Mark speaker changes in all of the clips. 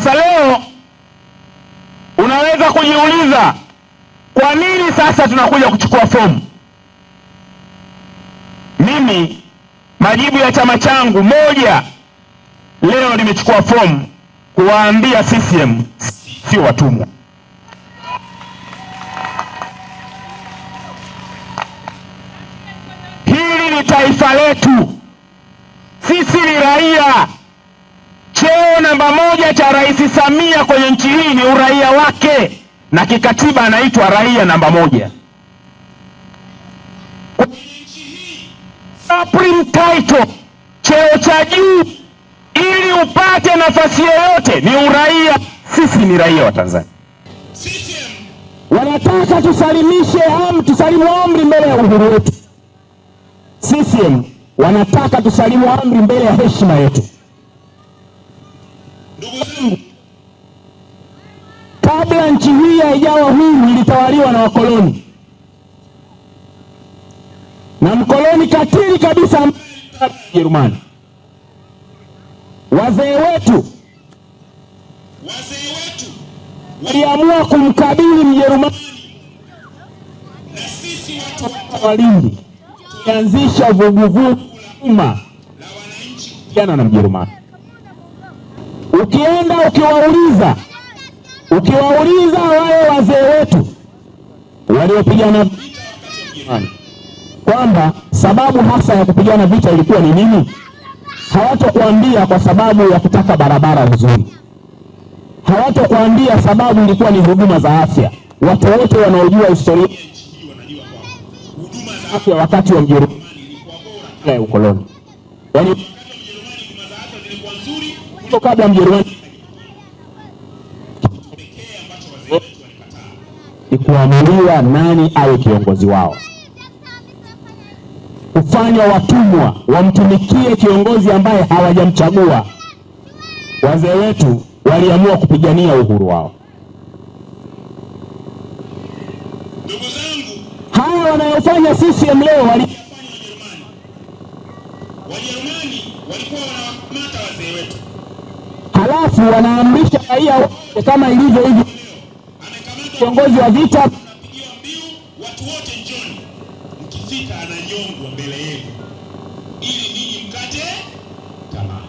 Speaker 1: Sasa leo unaweza kujiuliza kwa nini sasa tunakuja kuchukua fomu? Mimi majibu ya chama changu moja, leo nimechukua fomu kuwaambia CCM sio watumwa. Hili ni taifa letu, sisi ni raia namba moja cha Rais Samia kwenye nchi hii ni uraia wake, na kikatiba anaitwa raia namba moja supreme title, cheo cha juu ili upate nafasi yoyote ni uraia. Sisi ni raia wa Tanzania. Wanataka tusalimishe am, tusalimu amri mbele ya uhuru wetu. CCM wanataka tusalimu amri mbele ya heshima yetu. kabla nchi hii haijawa huru ilitawaliwa na wakoloni, na mkoloni katili kabisa Ujerumani. Wazee wetu waliamua kumkabili Mjerumani na sisi watu Walindi tulianzisha vuguvugu la umma la wananchi jana na Mjerumani. Ukienda ukiwauliza Ukiwauliza wale wazee wetu waliopigana kwamba sababu hasa ya kupigana vita ilikuwa ni nini, hawatokuambia kwa sababu ya kutaka barabara nzuri, hawatokuambia sababu ilikuwa ni huduma za afya. Watu wote wanaojua historia huduma za afya wakati wa Mjerumani ilikuwa bora ya ukoloni, yaani kabla Mjerumani ni kuamuliwa nani awe kiongozi wao, kufanya watumwa wamtumikie kiongozi ambaye hawajamchagua. Wazee wetu waliamua kupigania uhuru wao. Haya wanayofanya CCM leo wali halafu wanaamrisha raia wote kama ilivyo hivi kiongozi wa vita watu wote njoni, mkifika ananyongwa mbele yenu ili ninyi mkate tamaa.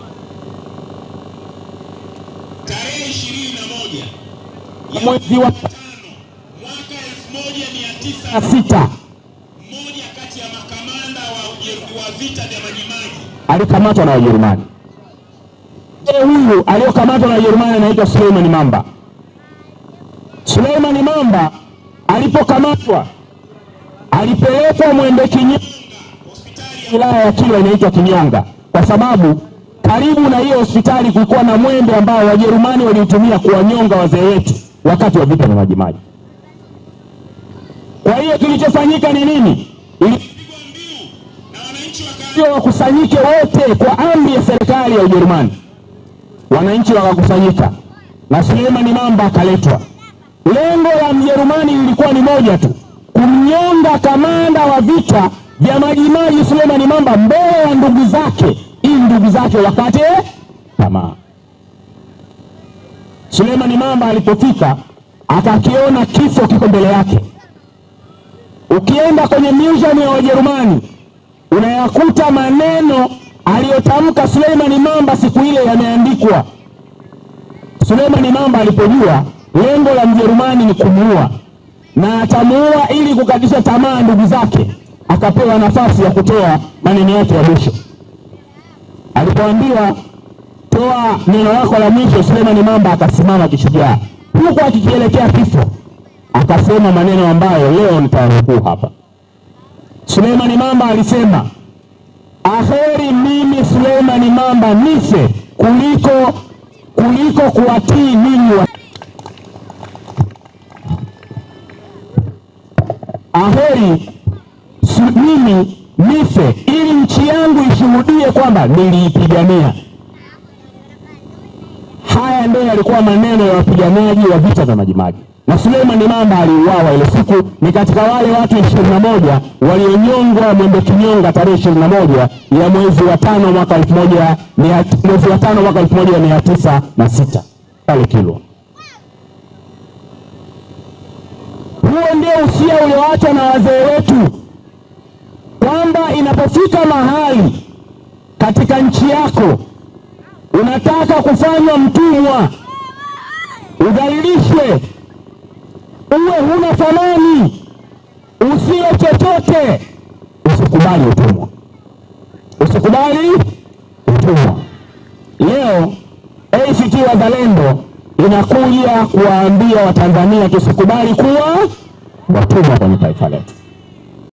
Speaker 1: Tarehe ishirini na moja ya mwezi wa tano mwaka elfu moja mia tisa na sita mmoja kati ya makamanda wa, wa vita vya Majimaji alikamatwa na Wajerumani. Huyu aliyokamatwa na Wajerumani anaitwa Suleiman Mamba. Suleimani Mamba alipokamatwa alipelekwa Mwembe Kinyanga, hospitali ya wilaya ya Kilwa inaitwa Kinyanga, kwa sababu karibu na hiyo hospitali kulikuwa na mwembe ambao Wajerumani waliutumia kuwanyonga wazee wetu wakati wa vita na Majimaji. Kwa hiyo kilichofanyika ni nini? Ilipigwa wakusanyike wote kwa amri ya serikali ya Ujerumani. Wananchi wakakusanyika na Suleimani Mamba akaletwa. Lengo la Mjerumani lilikuwa ni moja tu, kumnyonga kamanda wa vita vya Majimaji Suleimani Mamba mbele ya ndugu zake, ili ndugu zake wakate tamaa. Suleimani Mamba alipofika akakiona kifo kiko mbele yake. Ukienda kwenye museum ya Wajerumani unayakuta maneno aliyotamka Suleimani Mamba siku ile yameandikwa. Suleimani Mamba alipojua Lengo la Mjerumani ni kumuua, na atamuua ili kukatisha tamaa ndugu zake, akapewa nafasi ya kutoa maneno yake ya mwisho. Alipoambiwa toa neno lako la mwisho, Suleimani Mamba akasimama kishujaa, huku akikielekea kifo, akasema maneno ambayo leo nitayanukuu hapa. Suleimani Mamba alisema, aheri mimi Suleimani Mamba nife kuliko kuliko kuwatii ninyi wa aheri, mimi nife ili nchi yangu ishuhudie kwamba niliipigania. Haya ndio yalikuwa maneno ya wapiganaji wa vita vya Majimaji, na Suleiman Mamba aliuawa ile siku, ni katika wale watu ishirini na moja walionyongwa Mwembe Kinyonga tarehe ishirini na moja ya mwezi wa tano mwaka elfu moja mwezi wa tano mwaka elfu moja mia tisa na sita pale Kilwa. Huo ndio usia umefika mahali katika nchi yako unataka kufanywa mtumwa, udhalilishwe, uwe huna thamani, usiwe chochote, usikubali utumwa, usikubali utumwa. Leo ACT Wazalendo inakuja kuwaambia Watanzania tusikubali kuwa watumwa kwenye taifa letu.